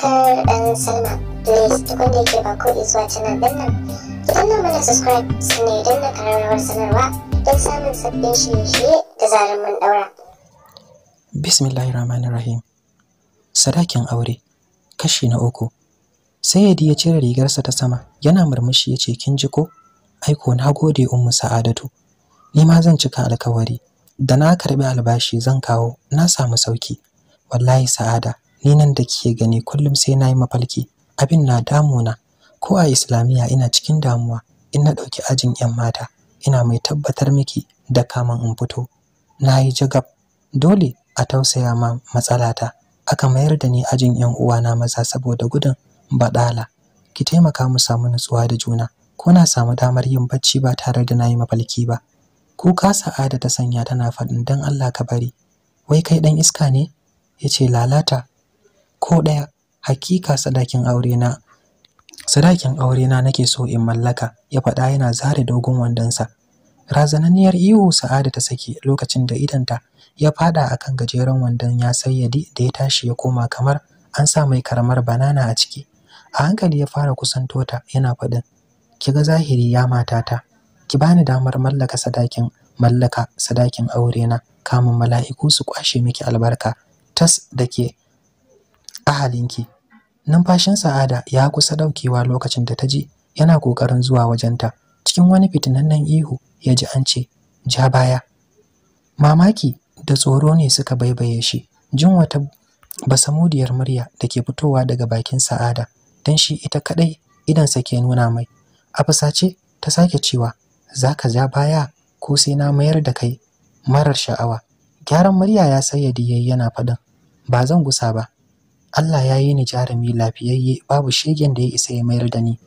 subscribe and sign up. Please tukunde ke ba ko zuwa canal din nan. Ki danna mana subscribe sannan idan na karar sanarwa don samun sabbin shirye-shirye da zarar mun daura. Bismillahirrahmanirrahim. Sadakin aure kashi na uku. Sai Yadi ya cire rigarsa ta sama, yana murmushi ya ce kin ji ko? Aiko na gode ummu Sa'adatu. Ni ma zan cika alkawari. Da na karbi albashi zan kawo, na samu sauki. Wallahi Sa'ada, ni nan da kike gani kullum sai na yi mafalki abin na damuna ko a islamiyya ina cikin damuwa in na ɗauki ajin 'yan mata ina mai tabbatar miki da kaman in fito na yi jagab dole a tausaya ma matsalata aka mayar da ni ajin 'yan uwana maza saboda gudun baɗala ki taimaka mu samu nutsuwa da juna ko na samu damar yin bacci ba tare da na yi mafalki ba kuka sa'ada ta sanya tana faɗin don Allah ka bari wai kai ɗan iska ne ya ce lalata ko ɗaya hakika sadakin aure na sadakin aure na nake so in mallaka ya faɗa yana zare dogon wandonsa razananniyar ihu sa'ada ta saki lokacin da idanta ya faɗa kan gajeren wandon ya sayyadi da ya tashi ya koma kamar an sa mai karamar banana a ciki a hankali ya fara kusanto ta yana faɗin ki ga zahiri ya matata ki bani damar mallaka sadakin mallaka sadakin aure na kamun mala'iku su kwashe miki albarka tas da ke ahalinki numfashin sa'ada ya kusa daukewa lokacin da ta ji yana ƙoƙarin zuwa wajenta cikin wani fitinannen ihu ya ji an ce ja baya mamaki da tsoro ne suka baibaye shi jin wata basamudiyar murya da ke fitowa daga bakin sa'ada don shi ita kadai idansa ke nuna mai a fusace ta sake cewa za ka ja baya ko sai na mayar da kai marar sha'awa gyaran murya ya sayyadi yayi yana faɗin ba zan gusa ba Allah ya yi ni jarumi lafiyayye babu shegen da ya isa ya mayar da ni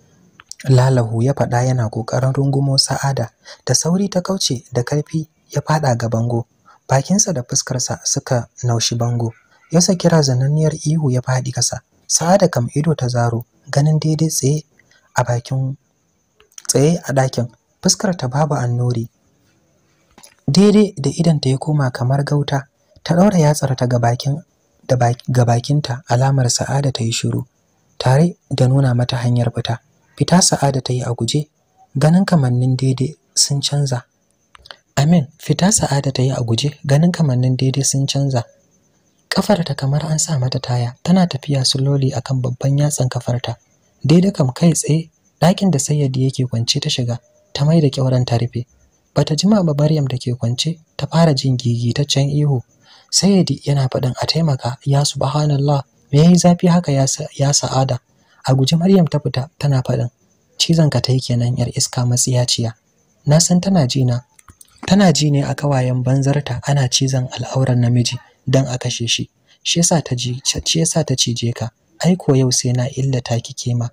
lalahu ya faɗa yana ƙoƙarin rungumo sa'ada da sauri ta kauce da ƙarfi ya faɗa ga bango bakinsa da fuskarsa suka naushi bango ya kira zananniyar ihu ya faɗi kasa sa'ada kam ido ta zaro ganin daidai tsaye a bakin tsaye a ɗakin fuskar ta babu annori daidai da idanta ya koma kamar gauta ta ɗaura yatsar ta ga bakin ga bakinta alamar Sa'ada ta yi shiru tare da nuna mata hanyar fita. Fita Sa'ada ta yi a guje, ganin kamannin daidai sun canza. Amin, fita Sa'ada ta yi a guje, ganin kamannin daidai sun canza. Kafarta kamar an sa mata taya, tana tafiya suloli akan babban yatsan kafarta. Daidai kam kai tsaye ɗakin da Sayyadi yake kwance ta shiga, ta mai da kyauran ta rufe. Bata jima ba Maryam da ke kwance ta fara jin gigitaccen ihu sayyidi yana faɗin a taimaka ya subhanallah me yayi zafi haka ya, sa'ada a guji maryam ta fita tana faɗin cizon ka tai kenan yar iska matsiyaciya na san tana ji na tana ji ne a kawayen banzarta ana cizon al'auran namiji dan a kashe shi shi yasa ta ji shi yasa ta cije ka ai ko yau sai na illata ki kema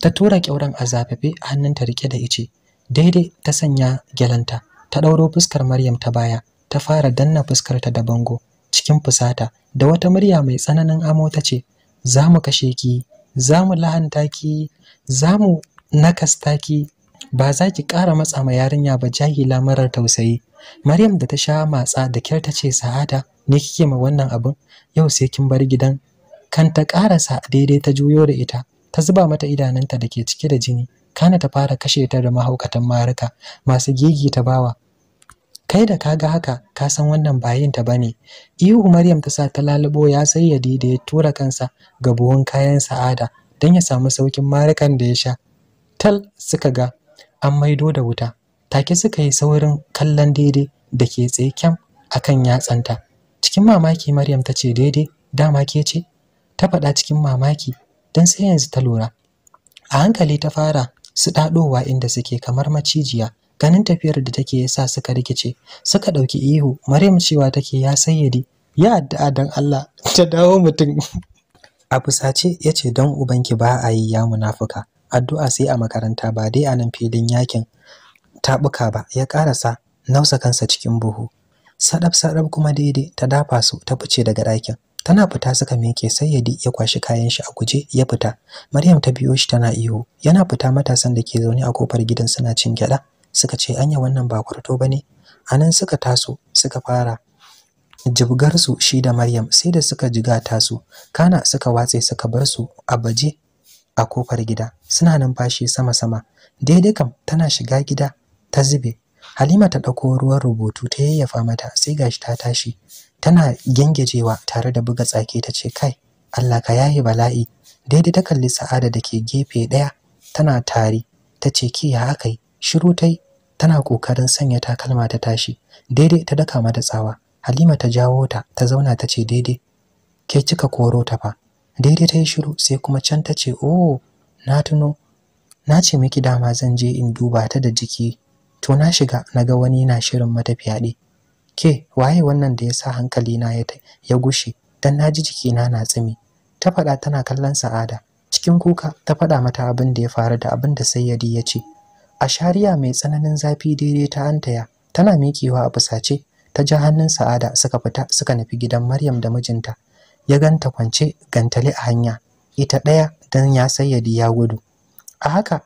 ta tura kyauran a zafafe hannunta rike da ice daidai ta sanya gyalanta ta ɗauro fuskar Maryam ta baya ta fara danna fuskarta da bango cikin fusata da wata murya mai tsananin amo ta ce za mu kashe ki za mu lahanta ki za mu nakasta ki ba za ki ƙara matsa ma yarinya ba jahila marar tausayi maryam da ta sha matsa da kyar ta ce sa'ada ne kike ma wannan abun? yau sai kin bar gidan kan ta ƙarasa daidai ta juyo da ita ta zuba mata idanunta da ke cike da jini kana ta fara kashe ta da mahaukatan maruka masu gigi ta bawa kai da kaga haka ka san wannan ba yin ta bane ihu maryam ta sa ta lalubo ya sayyadi da ya tura kansa ga buhun kayan sa'ada don ya samu saukin marikan da ya sha tal suka ga an maido da wuta take suka yi saurin kallon daidai da ke tsaye kyam akan yatsanta cikin mamaki maryam ta ce daidai dama ke ce ta faɗa cikin mamaki don sai yanzu ta lura a hankali ta fara su ɗaɗowa inda suke kamar macijiya ganin tafiyar da take sa suka rikice suka ɗauki ihu maryam cewa take ya sayyadi. ya addu'a dan Allah ta dawo mutum a fusace ya ce don ubanki ba a yi ya munafuka addu'a sai a makaranta ba dai a nan filin yakin tabuka ba ya karasa nausa kansa cikin buhu sadab sadab kuma daidai ta dafa su ta fice daga ɗakin tana fita suka meke sai ya kwashi kayan shi a guje ya fita maryam ta biyo shi tana ihu yana fita matasan da ke zaune a kofar gidan suna cin gyaɗa. suka ce anya wannan ba kwarto A nan suka taso suka fara jibgarsu shi da Maryam sai da suka jiga tasu kana suka watse suka bar su a baje a kofar gida suna numfashi sama-sama daidai kam tana shiga gida ta zube Halima ta ɗauko ruwan rubutu ta yayyafa mata sai gashi ta tashi tana gengejewa tare da buga tsake ta ce kai Allah ka yayi bala'i daidai ta kalli Sa'ada da ke gefe ɗaya tana tari ta ce ki ya yi. shiru tai tana kokarin sanya takalma ta tashi daidai ta daka mata tsawa halima ta jawo ta ta zauna ta ce daidai ke kika koro ta fa daidai ta yi shiru sai kuma can ta ce oh na tuno na ce miki dama zan je in duba ta da jiki to na shiga naga wani na shirin mata fyaɗe ke waye wannan da ya sa hankali na ya gushe dan naji jikina na tsimi ta faɗa tana kallon sa'ada cikin kuka ta faɗa mata abin da ya faru da abin da sayyadi ya ce a shariya mai tsananin zafi daidai ta antaya tana mikewa a fusace ta ja hannun sa'ada suka fita suka nufi gidan maryam da mijinta ya ganta kwance gantale a hanya ita ɗaya don ya sayyadi ya gudu a haka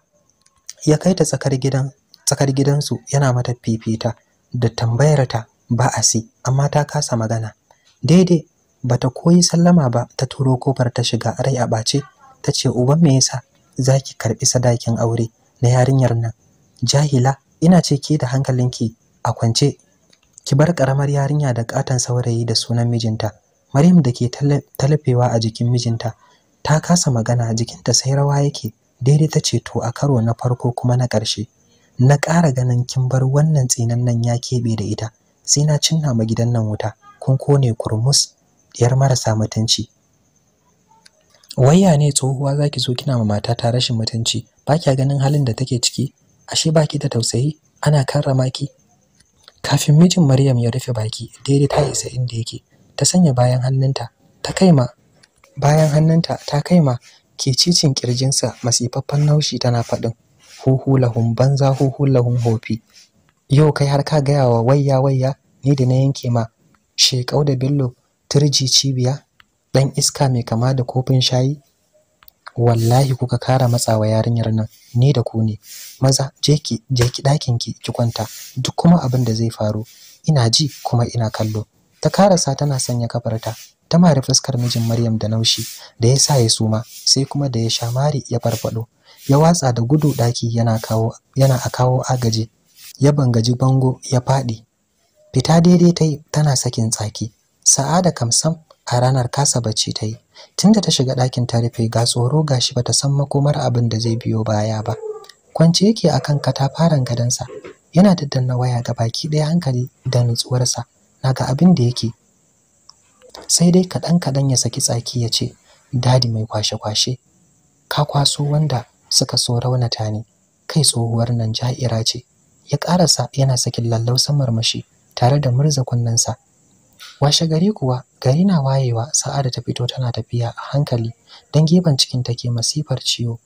ya kai ta tsakar gidansu yana mata fifita da tambayar ta ba a si amma ta kasa magana daidai bata koyi sallama ba ta turo kofar ta shiga rai a ɓace ta ce uban me yasa zaki karɓi sadakin aure na yarinyar nan jahila ina ce ke da hankalinki a kwance ki bar karamar yarinya da katon saurayi da sunan mijinta maryam da ke talafewa a jikin mijinta ta kasa magana jikinta sai rawa yake daidai ta ce to a karo na farko kuma na ƙarshe na ƙara ganin kin bar wannan nan ya keɓe da ita sai na cinna ma gidan nan wuta kun kone kurmus diyar marasa mutunci wayya ne tsohuwa zaki zo kina ma matata rashin mutunci ba kya ganin halin da take ciki ashe baki da tausayi ana karrama ki kafin mijin Maryam ya rufe baki daidai ta isa inda yake ta sanya bayan hannunta ta kaima bayan hannunta ta kaima ke cicin kirjinsa masifaffen naushi tana faɗin huhulahun banza huhulahun hofi yau kai har ka gaya wa wayya wayya ni da na yanke ma shekau da bello turji cibiya dan iska mai kama da kofin shayi wallahi kuka kara matsawa yarinyar nan ni da ku ne maza je ki je ki dakin ki ki kwanta duk kuma abin da zai faru ina ji kuma ina kallo ta karasa tana sanya kafarta ta mari fuskar mijin Maryam da naushi da ya sa ya suma sai kuma da ya sha mari ya farfado ya watsa da gudu daki yana kawo yana a kawo agaje ya bangaji bango ya faɗi fita daidai tai tana sakin tsaki sa'ada kamsam a ranar kasa bacci ta tunda ta shiga ɗakin ta rufe ga tsoro gashi bata san makomar abin da zai biyo baya ba kwance yake akan katafaren gadonsa yana daddanna waya ga baki ɗaya hankali da nutsuwarsa na ga abin da yake sai dai kaɗan kaɗan ya saki tsaki ya ce dadi mai kwashe kwashe ka kwaso wanda suka so raunata ne kai tsohuwar nan ja'ira ce ya ƙarasa yana sakin lallausan marmashi tare da murza kunnensa washe gari kuwa gari na wayewa da ta fito tana tafiya a hankali don gefen cikin ta ke masifar ciwo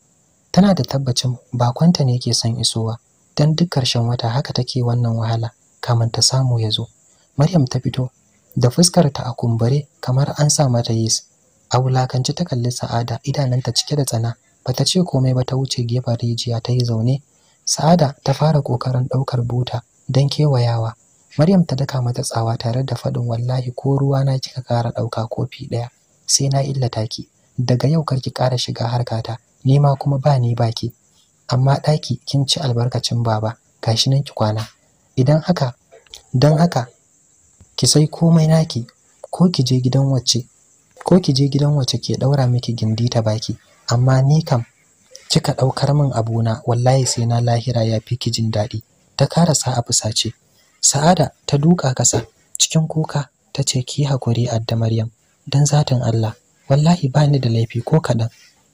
tana da tabbacin bakonta ne ke son isowa don duk karshen wata haka take wannan wahala kamin ta samu ya zo maryam ta fito da fuskar ta a kumbure kamar an sa mata yis a wulakanci ta kalli sa'ada idananta cike da tsana bata ce komai ba ta wuce gefen rijiya ta yi zaune sa'ada ta fara kokarin ɗaukar buta don kewayawa Maryam ta daka mata tsawa tare da faɗin wallahi ko ruwa na kika kara ɗauka kofi ɗaya sai na illata ki daga yau kar ki ƙara shiga harkata ni ma kuma ba ni baki amma ɗaki kin ci albarkacin baba gashi nan ki kwana idan haka dan haka ki sai komai naki ko ki je gidan wacce ko ki je gidan wacce ke ɗaura miki gindi ta baki amma ni kam kika ɗaukar min abuna wallahi sai na lahira ya fi ki jin daɗi ta karasa a fusace Sa'ada ta duka ƙasa cikin kuka ta ce ki hakuri adda Maryam dan zatin Allah wallahi ba ni da laifi ko kaɗan.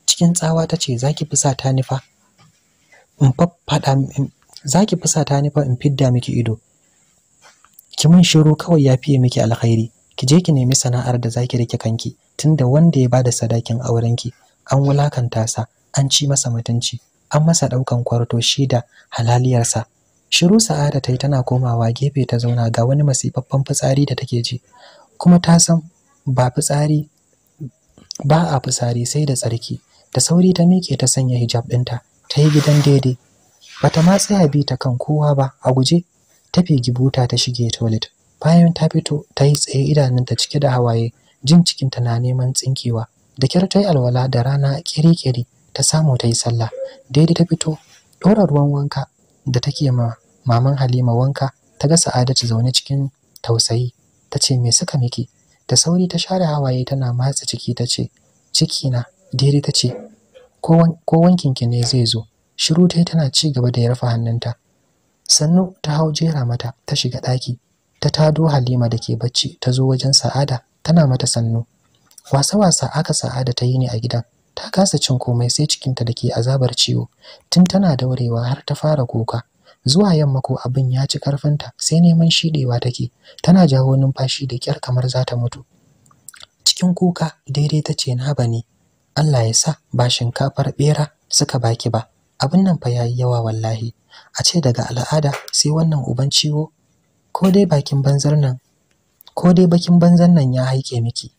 Cikin tsawa ta ce za ki sa ta nifa, in faɗa zaki sa ta nifa in fidda miki ido ki mun shiru kawai ya fiye miki alkhairi ki je ki nemi sana'ar da zaki rike kanki tunda wanda ya bada sadakin aurenki an wulakanta sa an ci masa mutunci an masa ɗaukan kwarto shi da halaliyarsa Shiru Sa'ada ta yi tana komawa gefe ta zauna ga wani masifaffen fitsari da take ji. Kuma ta san ba fitsari ba a fitsari sai da tsarki. Da sauri ta miƙe ta sanya hijab ɗinta ta yi gidan daidai. Bata ta matsaya bi ta kan kowa ba a guje ta fegi buta ta shige toilet. Bayan ta fito ta yi tsaye idanunta cike da hawaye jin cikinta na neman tsinkewa. Da kyar ta yi alwala da rana ƙiri-ƙiri ta samu ta yi sallah. Daidai ta fito ɗora ruwan wanka da take ma maman Halima wanka ta ga Sa'adatu zaune cikin tausayi ta ce me suka miki da sauri ta share hawaye tana matsa ciki ta ce ciki na diri ta ce ko wankinki ne zai zo shiru ta tana ci gaba da yarfa hannunta sannu ta hau jera mata ta shiga daki, ta tado Halima da ke bacci ta zo wajen Sa'ada tana mata sannu wasa-wasa aka Sa'ada ta yi ne a gidan ta kasa cin komai sai cikinta da ke azabar ciwo tun tana daurewa har ta fara kuka zuwa yamma ko abin ya ci karfinta sai neman shiɗewa take tana jawo numfashi da kyar kamar za ta mutu cikin kuka daidai ta ce na bane Allah ya sa ba shinkafar ɓera suka baki ba abin nan fa yayi yawa wallahi a ce daga al'ada sai wannan uban ciwo ko dai bakin banzar nan ko dai bakin banzan nan ya haike miki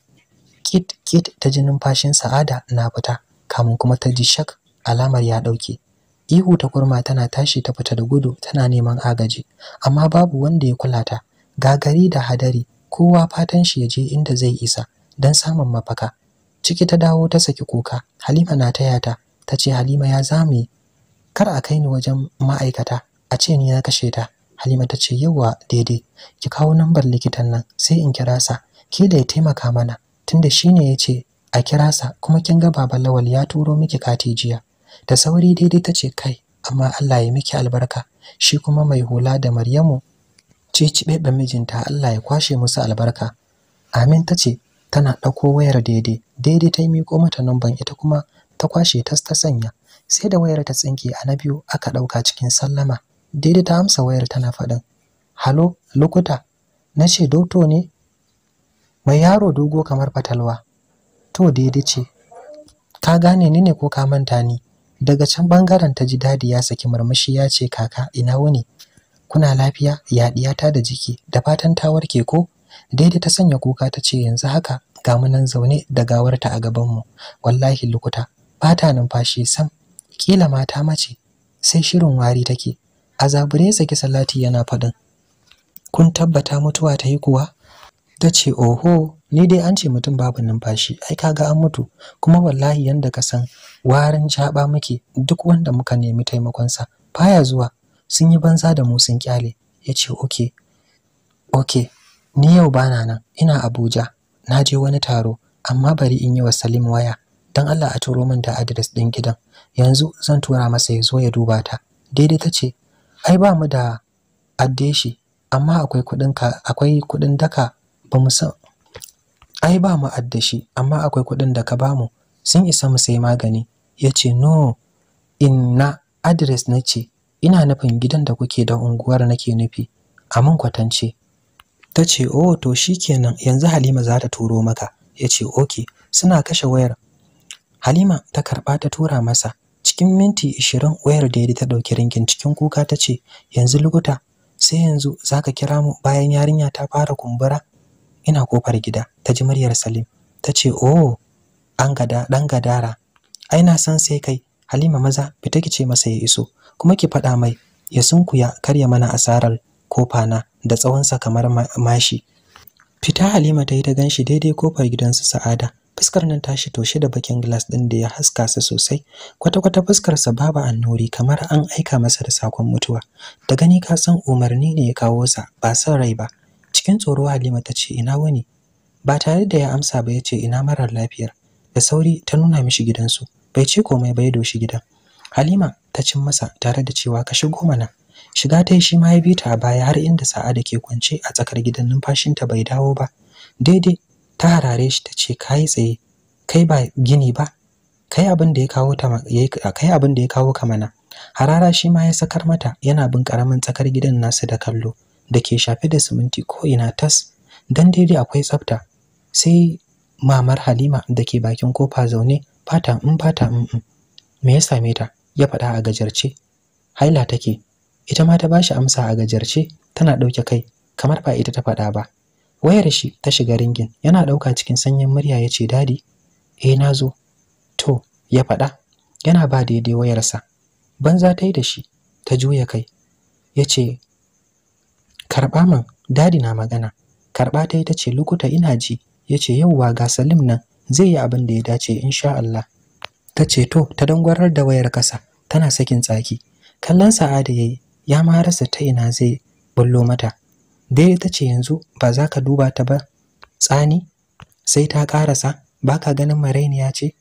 kit kit ta ji numfashin Sa'ada na fita kamun kuma ta ji shak alamar ya dauke ihu ta kurma tana tashi ta fita da gudu tana neman agaji amma babu wanda ya kula ta gagari da hadari kowa fatan shi ya je inda zai isa dan samun mafaka ciki ta dawo ta saki kuka halima na taya ta ta ce halima ya zame kar a kai ni wajen ma'aikata a ce ni na kashe ta halima ta ce yawa daidai ki kawo nambar likitan nan sai in kira sa Ke da ya taimaka mana tunda ne ya ce a kirasa kuma kin ga baba lawal ya turo miki kati jiya da sauri daidai ta ce kai amma Allah ya miki albarka shi kuma mai hula da Maryamu ce cibebe mijinta Allah ya kwashe musu albarka Amin ta ce tana ɗauko wayar daidai daidai ta miko mata numban ita kuma ta kwashe ta ta sanya sai da wayar ta tsinke a na biyu aka ɗauka cikin sallama daidai ta amsa wayar tana faɗin halo lokuta na ce doto ne mai yaro dogo kamar fatalwa to daidai ce ka gane ni ne ko ka manta ni daga can bangaren ta ji dadi ya saki murmushi ya ce kaka ina wuni kuna lafiya ya diyata da jiki da fatan ta warke ko daidai ta sanya kuka ta ce yanzu haka ga mu nan zaune da gawarta a gaban mu wallahi lukuta fata numfashi sam kila mata mace sai shirin wari take azabure saki salati yana faɗin kun tabbata mutuwa ta yi kuwa ta ce oho ni dai an ce mutum babu numfashi ai kaga an mutu kuma wallahi yanda ka san warin jaba muke duk wanda muka nemi taimakon sa baya zuwa sun yi banza da mu sun kyale ya ce oke oke ni yau bana nan ina abuja na je wani taro amma bari in yi wa salim waya don allah a turo min da adres ɗin gidan yanzu zan tura masa ya zo ya duba ta daidai ta ce ai ba mu da addeshi amma akwai akwai kuɗin daka ba mu san ai ba mu addashi amma akwai kuɗin da ka bamu sun isa mu sai magani ya ce no inna adres na ce ina nufin gidan da kuke da unguwar nake nufi a kwatance ta ce oh to shikenan yanzu halima za ta turo maka ya ce ok, suna kashe wayar halima ta karɓa ta tura masa cikin minti ishirin wayar da ta ɗauki ringin cikin kuka ta ce yanzu lokuta. sai yanzu za ka kira mu bayan yarinya ta fara kumbura ina kofar gida ta ji muryar Salim ta ce oh an gada dan gadara ai na san sai kai Halima maza fita ki ce masa ya iso kuma ki faɗa mai ya sunkuya karya mana asarar kofa na da tsawonsa kamar mashi fita Halima ta yi ta ganshi daidai kofar gidansu Sa'ada fuskar nan ta shi toshe da bakin glass din da ya haska sa sosai kwata-kwata fuskar sa babu annuri kamar an aika masa da sakon mutuwa da gani ka san umarni ne ya kawo sa ba san rai ba cikin tsoro Halima ta ce ina wuni ba tare da ya amsa ba ya ce ina marar lafiyar da sauri ta nuna mishi gidansu bai ce komai ba ya doshi gidan Halima ta cin masa tare da cewa ka shigo mana shiga ta shi ma ya bi ta a baya har inda Sa'ada ke kwance a tsakar gidan numfashinta bai dawo ba daidai ta harare shi ta ce kai tsaye kai ba gini ba kai abin da ya kawo ta kai abin da ya kawo ka mana harara shi ma ya sakar mata yana bin karamin tsakar gidan nasu da kallo da ke shafe da siminti ko ina tas dan daidai akwai tsafta sai mamar Halima da ke bakin kofa zaune fata in fata in me ya same ta ya faɗa a gajarce haila take ita ma ta bashi amsa a gajarce tana ɗauke kai kamar ba ita ta faɗa ba wayar shi ta shiga ringin yana ɗauka cikin sanyin murya ya ce dadi eh na zo to ya faɗa yana ba daidai wayarsa banza ta yi da shi ta juya kai yace. karɓa man dadi na magana karɓa ta ita ce lokuta ina ji ya ce yauwa ga salim nan zai yi abin da ya dace insha Allah ta ce to ta dangwarar da wayar kasa tana sakin tsaki kallon sa'ada ya yi ya ma rasa ta ina zai bullo mata dai ta ce yanzu ba za ka duba ta ba tsani sai ta ƙarasa ba ka ganin marainiya ce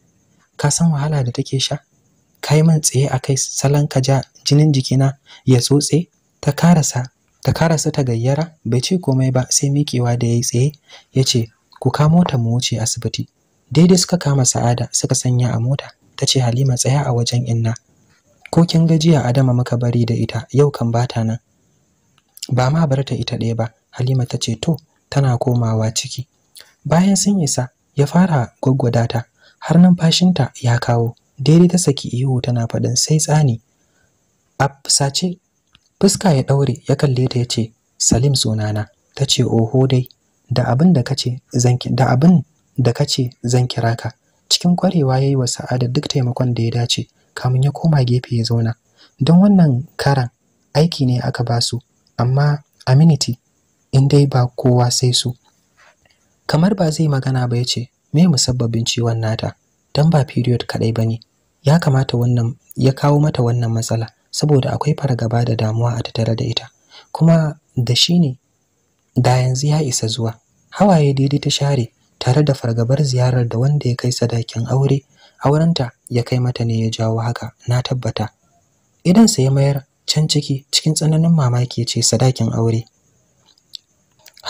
ka san wahala da take sha kai man tsaye a kai salon ka ja jinin jikina ya tsotse ta karasa ta karasa ta gayyara bai ce komai ba sai mikewa da yayi tsaye ya ce ku kamo ta mu wuce asibiti daidai suka kama sa'ada suka sanya a mota ta ce halima tsaya a wajen inna ko kin gajiya adama muka bari da ita yau kan bata nan ba ma bar ta ita ɗaya ba halima ta ce to tana komawa ciki bayan sun isa ya fara gwaggwada ta har numfashinta ya kawo daidai ta saki ihu tana faɗin sai tsani a fusace fuska ya ɗaure ya kalle ta ya ce, Salim sunana ta ce, oho dai da abin da kace zan kira ka cikin kwarewa yi wa da duk taimakon da ya dace kamun ya koma gefe ya zauna don wannan karan aiki ne aka ba su, amma aminiti in dai ba kowa sai su kamar ba zai magana ba ya ce, me musabbabin ciwon nata Don ba period kadai bane ya kamata wannan ya kawo mata wannan matsala saboda akwai fargaba da damuwa a tattare da ita kuma da shi ne da yanzu ya isa zuwa hawaye daidai ta share tare da fargabar ziyarar da wanda ya kai sadakin aure aurenta ya kai mata ne ya jawo haka na tabbata idan sai mayar can ciki cikin tsananin mamaki ce sadakin aure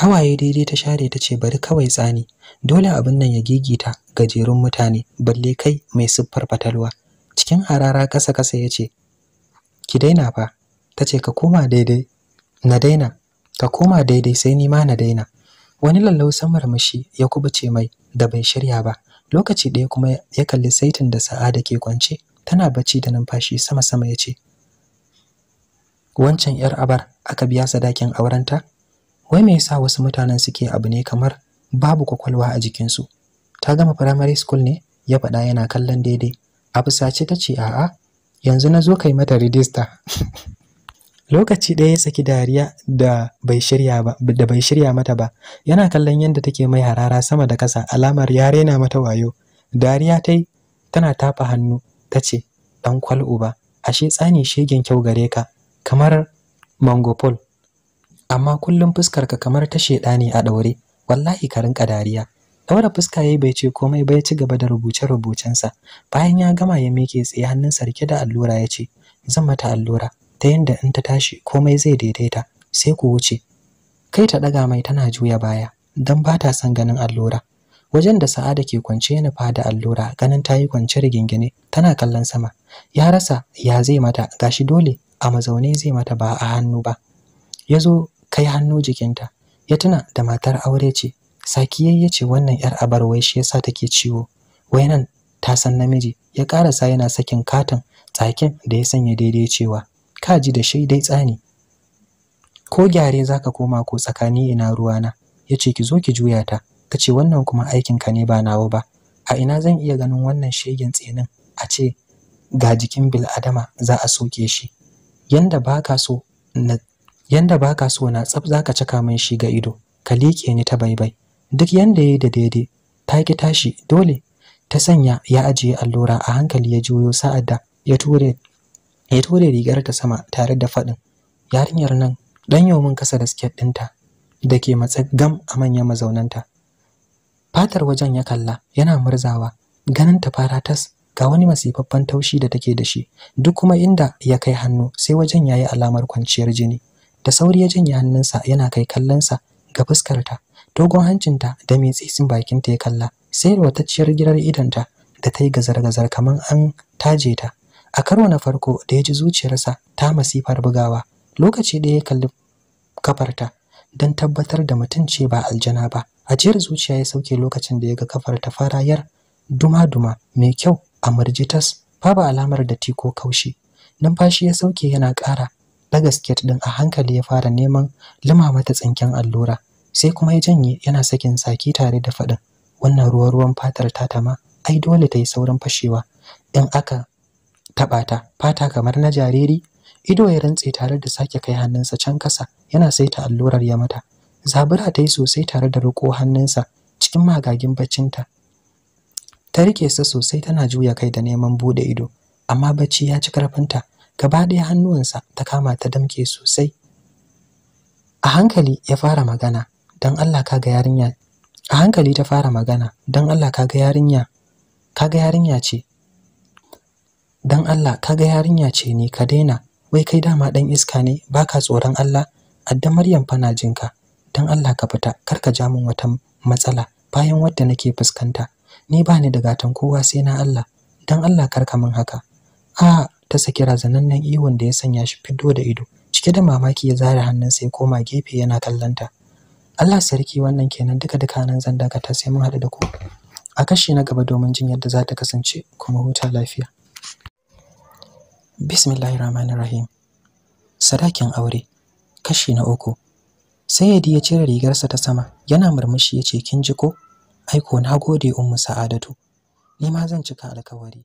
hawaye daidai ta share ta ce bari kawai tsani dole abin nan ya gigita gajerun mutane balle kai mai siffar fatalwa cikin harara kasa kasa ya ce ki daina fa ta ce ka koma daidai na daina ka koma daidai sai ni ma na daina wani lallausan marmashi ya kubuce mai da bai shirya ba lokaci ɗaya kuma ya kalli saitin da Sa'a da ke kwance tana bacci da numfashi sama-sama ya ce wancan 'yar abar aka biya sadakin aurenta wai me yasa wasu mutanen suke abu ne kamar babu kwakwalwa a jikinsu ta gama primary school ne ya faɗa yana kallon daidai a fusace ta ce a'a yanzu na zo kai mata rijista lokaci ɗaya ya saki dariya da bai shirya ba da bai shirya mata ba yana kallon yadda take mai harara sama da ƙasa alamar ya rena mata wayo dariya ta yi tana tafa hannu ta ce ɗan kwal uba ashe tsani shegen kyau gare ka kamar mangopol amma kullum fuskarka kamar ta ne a ɗaure wallahi ka rinka dariya Daura fuska yayi bai ce komai ba ya ci gaba da rubuce-rubucensa. Bayan ya gama ya miƙe tsaye hannunsa rike da allura ya ce, "Zan mata allura, ta yanda in ta tashi komai zai daidaita, sai ku wuce." Kai ta ɗaga mai tana juya baya, don ba ta son ganin allura. Wajen da Sa'ada ke kwance ya nufa da allura, ganin ta yi kwance rigingine, tana kallon sama. Ya rasa ya zai mata, gashi dole a mazaune zai mata ba a hannu ba. Ya zo kai hannu jikinta, ya tuna da matar aure ce, Saki yayye ce wannan ‘yar abar wai shi yasa take ciwo, wai nan ta san namiji, ya sa yana sakin katon tsakin da ya sanya daidai cewa, ka ji da shi dai tsani. Ko gyare zaka koma ko tsakani ina ruwa na, yace ki zo ki juya ta, kace wannan kuma aikin ka ne ba nawa ba, a ina zan iya ganin wannan shegen tsenin a ce ga jikin bil adama za a soke shi. Yanda baka so na yanda baka so na tsaf za ka caka min shi ga ido, ka liƙe ni ta baibai. duk yanda ya yi da daidai ta ki tashi dole ta sanya ya ajiye allura a hankali ya juyo sa'ad da ya ture ya rigar ta sama tare da faɗin yarinyar nan dan yomin kasa da sket ɗinta da ke matsa gam a manyan mazaunanta fatar wajen ya kalla yana murzawa ganin ta fara tas ga wani masifaffen taushi da take da shi duk kuma inda ya kai hannu sai wajen yayi alamar kwanciyar jini da sauri ya janye hannunsa yana kai kallonsa ga fuskarta dogon hancinta da mai mitsitsin bakinta ya kalla sai watacciyar girar idanta da ta yi gazar-gazar kamar an taje ta a karo na farko da ya ji zuciyarsa ta masifar bugawa lokaci ɗaya ya kalli kafarta don tabbatar da mutum ce ba aljana ba ajiyar zuciya ya sauke lokacin da ya ga kafar ta yar duma-duma mai kyau a marjitas. babu alamar da ko kaushi numfashi ya sauke yana ƙara daga sket ɗin a hankali ya fara neman lima mata tsinken allura sai kuma ya janye yana sakin saki tare da faɗin wannan ruwan ruwan fatar ta ma ai dole ta yi saurin fashewa in aka taɓa ta fata kamar na jariri ido ya rantse tare da sake kai hannunsa can kasa yana saita allurar ya mata zabura ta yi sosai tare da riko hannunsa cikin magagin baccinta ta rike sa sosai tana juya kai da neman buɗe ido amma bacci ya ci karfinta gaba ɗaya hannuwansa ta kama ta damke sosai a hankali ya fara magana don Allah kaga yarinya a hankali ta fara magana dan Allah kaga yarinya kaga yarinya ce dan Allah kaga yarinya ce ne ka daina wai kai dama dan iska ne baka tsoron Allah adda Maryam fana jinka dan Allah ka fita kar ka ja min wata matsala bayan wadda nake fuskanta ni ba ni da gatan kowa sai na Allah dan Allah kar ka min haka a ta saki razanannen iwon da ya sanya shi fiddo da ido cike da mamaki ya zare hannun sai koma gefe yana kallanta Allah sarki wannan kenan duka duka nan zan dakata sai mun haɗu da ku a kashi na gaba domin jin yadda za ta kasance kuma huta lafiya Bismillahirrahmanirrahim Sadakin aure kashi na uku sai yadi ya cire rigarsa ta sama yana murmushi ya ce kin ji ko aiko na gode ummu sa'adatu ni ma zan cika alkawari